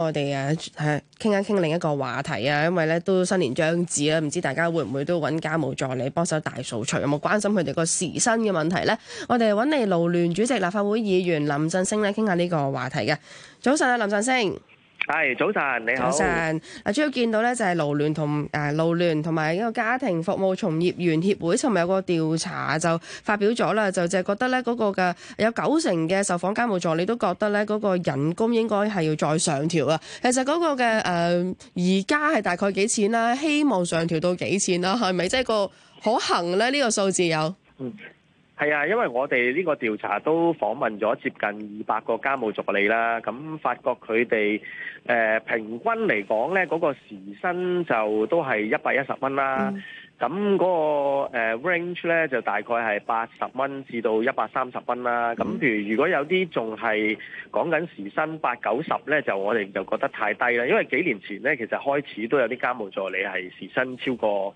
我哋啊，係傾一傾另一個話題啊，因為咧都新年將至啦，唔知大家會唔會都揾家務助理幫手大掃除，有冇關心佢哋個時薪嘅問題呢？我哋揾嚟勞聯主席、立法會議員林振昇咧，傾下呢個話題嘅。早晨啊，林振昇。係早晨，你好。早晨，嗱、啊，主要見到咧就係勞聯同誒勞聯同埋一個家庭服務從業員協會，尋日有個調查就發表咗啦，就淨係覺得咧嗰個嘅，有九成嘅受訪家務助理都覺得咧嗰個人工應該係要再上調啊。其實嗰個嘅，誒，而家係大概幾錢啦、啊？希望上調到幾錢啦、啊？係咪即係個可行咧？呢、這個數字有。嗯係啊，因為我哋呢個調查都訪問咗接近二百個家務助理啦，咁發覺佢哋誒平均嚟講呢嗰、嗰個時薪就都係一百一十蚊啦。咁嗰、嗯嗰個、呃、range 呢就大概係八十蚊至到一百三十蚊啦。咁、嗯、譬如如果有啲仲係講緊時薪八九十呢，8, 90, 就我哋就覺得太低啦。因為幾年前呢，其實開始都有啲家務助理係時薪超過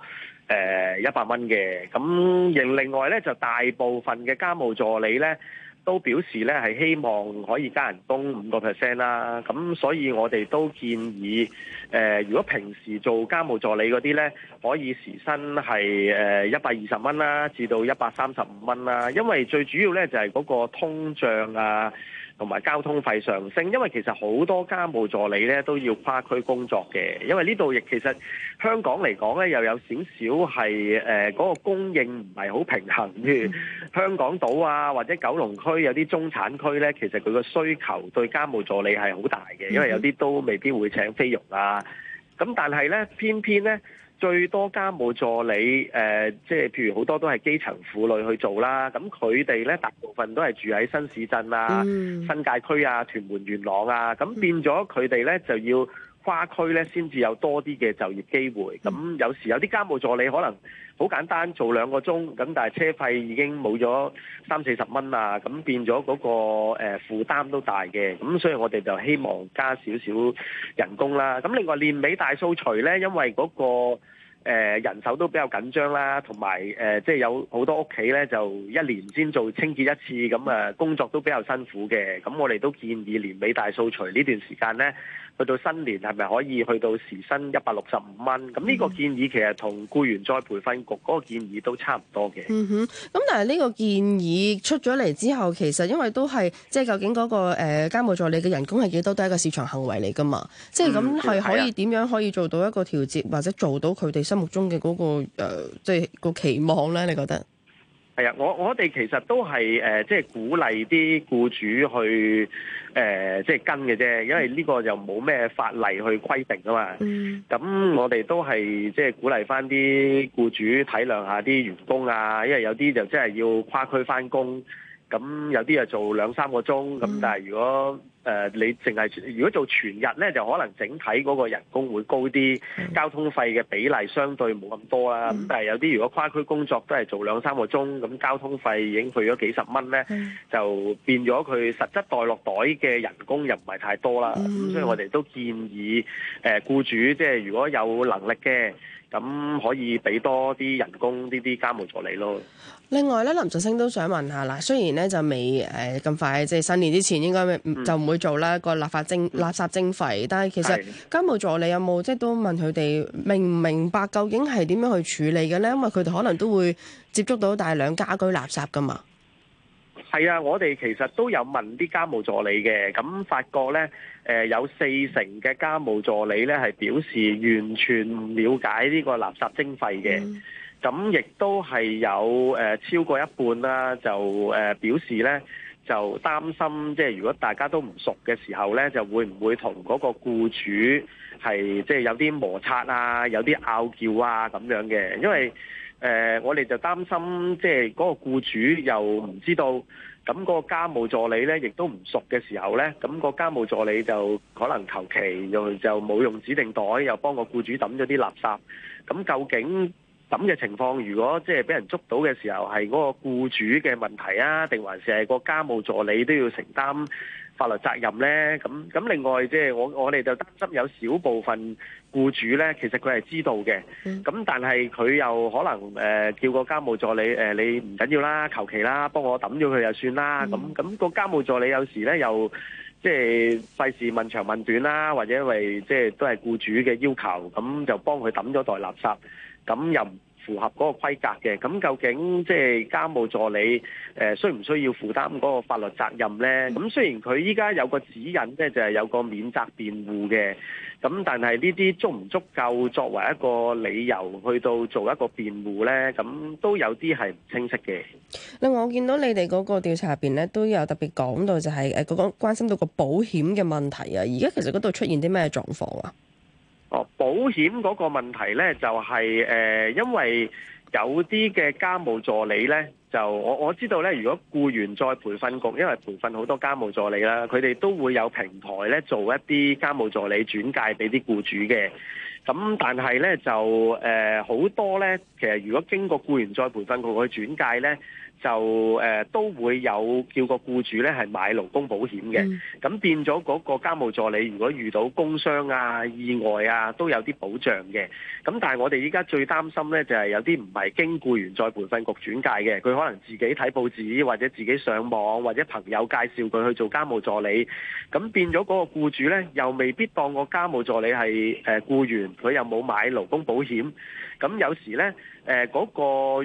誒一百蚊嘅咁，然、呃、另外咧就大部分嘅家務助理咧。都表示咧係希望可以加人工五個 percent 啦，咁、啊啊、所以我哋都建議，誒、呃、如果平時做家務助理嗰啲咧，可以時薪係誒一百二十蚊啦，至到一百三十五蚊啦，因為最主要咧就係、是、嗰個通脹啊，同埋交通費上升，因為其實好多家務助理咧都要跨區工作嘅，因為呢度亦其實香港嚟講咧又有少少係誒嗰個供應唔係好平衡嘅。嗯香港島啊，或者九龍區有啲中產區呢，其實佢個需求對家務助理係好大嘅，因為有啲都未必會請菲傭啊。咁但係呢，偏偏呢，最多家務助理誒，即、呃、係譬如好多都係基層婦女去做啦。咁佢哋呢，大部分都係住喺新市鎮啊、新界區啊、屯門元朗啊。咁變咗佢哋呢，就要跨區咧，先至有多啲嘅就業機會。咁有時有啲家務助理可能好簡單做兩個鐘，咁但係車費已經冇咗三四十蚊啊，咁變咗嗰、嗰個誒、呃、負擔都大嘅。咁所以我哋就希望加少少人工啦。咁另外年尾大掃除咧，因為嗰、嗰個誒、呃、人手都比較緊張啦，同埋誒即係有好多屋企咧，就一年先做清潔一次，咁誒工作都比較辛苦嘅。咁我哋都建議年尾大掃除呢段時間咧，去到新年係咪可以去到時薪一百六十五蚊？咁呢個建議其實同僱員再培訓局嗰、嗰個建議都差唔多嘅。咁、嗯、但係呢個建議出咗嚟之後，其實因為都係即係究竟嗰、嗰個誒家務助理嘅人工係幾多，都係一個市場行為嚟㗎嘛。即係咁係可以點樣可以做到一個調節，或者做到佢哋心目中嘅嗰個誒，即係個期望咧，你覺得？係啊，我我哋其實都係誒即係鼓勵啲僱主去誒即係跟嘅啫，因為呢個又冇咩法例去規定啊嘛。嗯。咁我哋都係即係鼓勵翻啲僱主體諒下啲員工啊，因為有啲就即係要跨區翻工，咁有啲又做兩三個鐘，咁但係如果。嗯誒、呃，你淨係如果做全日咧，就可能整體嗰個人工會高啲，的交通費嘅比例相對冇咁多啦、啊。咁的但係有啲如果跨區工作都係做兩三個鐘，咁交通費已經去咗幾十蚊咧，的就變咗佢實質袋落袋嘅人工又唔係太多啦。咁的所以我哋都建議誒僱、呃、主，即係如果有能力嘅。咁可以俾多啲人工呢啲家務助理咯。另外咧，林振昇都想問下啦，雖然咧就未誒咁快，即係新年之前應該就唔會做啦、嗯、個立法徵垃圾徵費，嗯、但係其實家務助理有冇即係都問佢哋明唔明白究竟係點樣去處理嘅咧？因為佢哋可能都會接觸到大量家居垃圾噶嘛。係啊，我哋其實都有問啲家務助理嘅，咁發覺呢，誒、呃、有四成嘅家務助理呢係表示完全唔了解呢個垃圾徵費嘅，咁亦、嗯、都係有誒、呃、超過一半啦，就誒、呃、表示呢就擔心，即係如果大家都唔熟嘅時候呢，就會唔會同嗰個僱主係即係有啲摩擦啊，有啲拗撬啊咁樣嘅，因為。誒、呃，我哋就擔心，即係嗰個僱主又唔知道，咁嗰個家務助理呢亦都唔熟嘅時候呢，咁個家務助理就可能求其又就冇用指定袋，又幫個僱主抌咗啲垃圾。咁究竟抌嘅情況，如果即係俾人捉到嘅時候，係嗰個僱主嘅問題啊，定還是係個家務助理都要承擔法律責任呢？咁咁另外，即、就、係、是、我我哋就擔心有少部分。僱主呢，其實佢係知道嘅，咁、嗯、但係佢又可能誒、呃、叫個家務助理誒、呃，你唔緊要，要啦，求其啦，幫我抌咗佢就算啦，咁咁、嗯嗯個家務助理有時呢，又即係費事問長問短啦，或者因為即係都係僱主嘅要求，咁、嗯、就幫佢抌咗袋垃圾，咁、嗯、又。符合嗰個規格嘅，咁究竟即係家務助理誒、呃、需唔需要負擔嗰個法律責任咧？咁雖然佢依家有個指引咧，就係、是、有個免責辯護嘅，咁但係呢啲足唔足夠作為一個理由去到做一個辯護咧？咁都有啲係唔清晰嘅。另外，我見到你哋嗰個調查入邊咧，都有特別講到就係誒嗰個關心到個保險嘅問題啊！而家其實嗰度出現啲咩狀況啊？保險嗰個問題呢，就係、是、誒、呃，因為有啲嘅家務助理呢，就我我知道呢，如果僱員再培訓局，因為培訓好多家務助理啦，佢哋都會有平台呢，做一啲家務助理轉介俾啲僱主嘅。咁但係咧就誒好，呃、多咧，其實如果經過僱員再培訓局去轉介咧，就誒、呃、都會有叫個僱主咧係買勞工保險嘅。咁、嗯、變咗嗰個家務助理，如果遇到工傷啊、意外啊，都有啲保障嘅。咁但係我哋依家最擔心咧，就係、是、有啲唔係經僱員再培訓局轉介嘅，佢可能自己睇報紙或者自己上網或者朋友介紹佢去做家務助理，咁變咗嗰個僱主咧，又未必當個家務助理係誒僱員。佢又冇買勞工保險，咁有時咧，誒嗰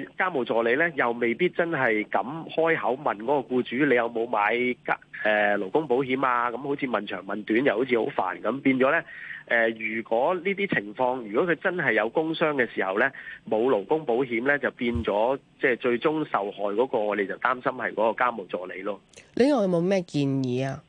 個家務助理咧又未必真係敢開口問嗰個僱主，你有冇買家誒勞工保險啊？咁好似問長問短，又好似好煩咁，變咗咧誒。如果呢啲情況，如果佢真係有工傷嘅時候咧，冇勞工保險咧，就變咗即係最終受害嗰個，我哋就擔心係嗰個家務助理咯。你有冇咩建議啊？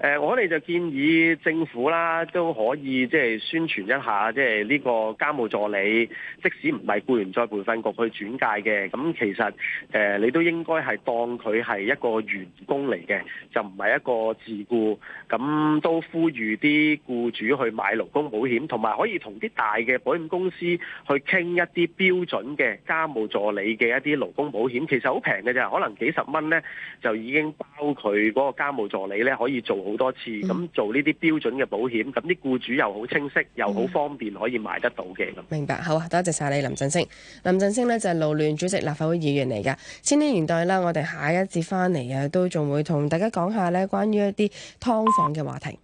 誒、呃，我哋就建議政府啦，都可以即係宣傳一下，即係呢個家務助理，即使唔係僱員再培訓局去轉介嘅，咁其實誒、呃、你都應該係當佢係一個員工嚟嘅，就唔係一個自僱。咁都呼籲啲僱主去買勞工保險，同埋可以同啲大嘅保險公司去傾一啲標準嘅家務助理嘅一啲勞工保險，其實好平嘅咋，可能幾十蚊咧就已經包佢嗰個家務助理咧可以做。好多次咁做呢啲標準嘅保險，咁啲僱主又好清晰，又好方便可以買得到嘅。咁。明白，好啊，多謝晒你，林振昇。林振昇呢就係勞聯主席、立法會議員嚟嘅。千禧年代啦，我哋下一節翻嚟啊，都仲會同大家講下呢關於一啲劏房嘅話題。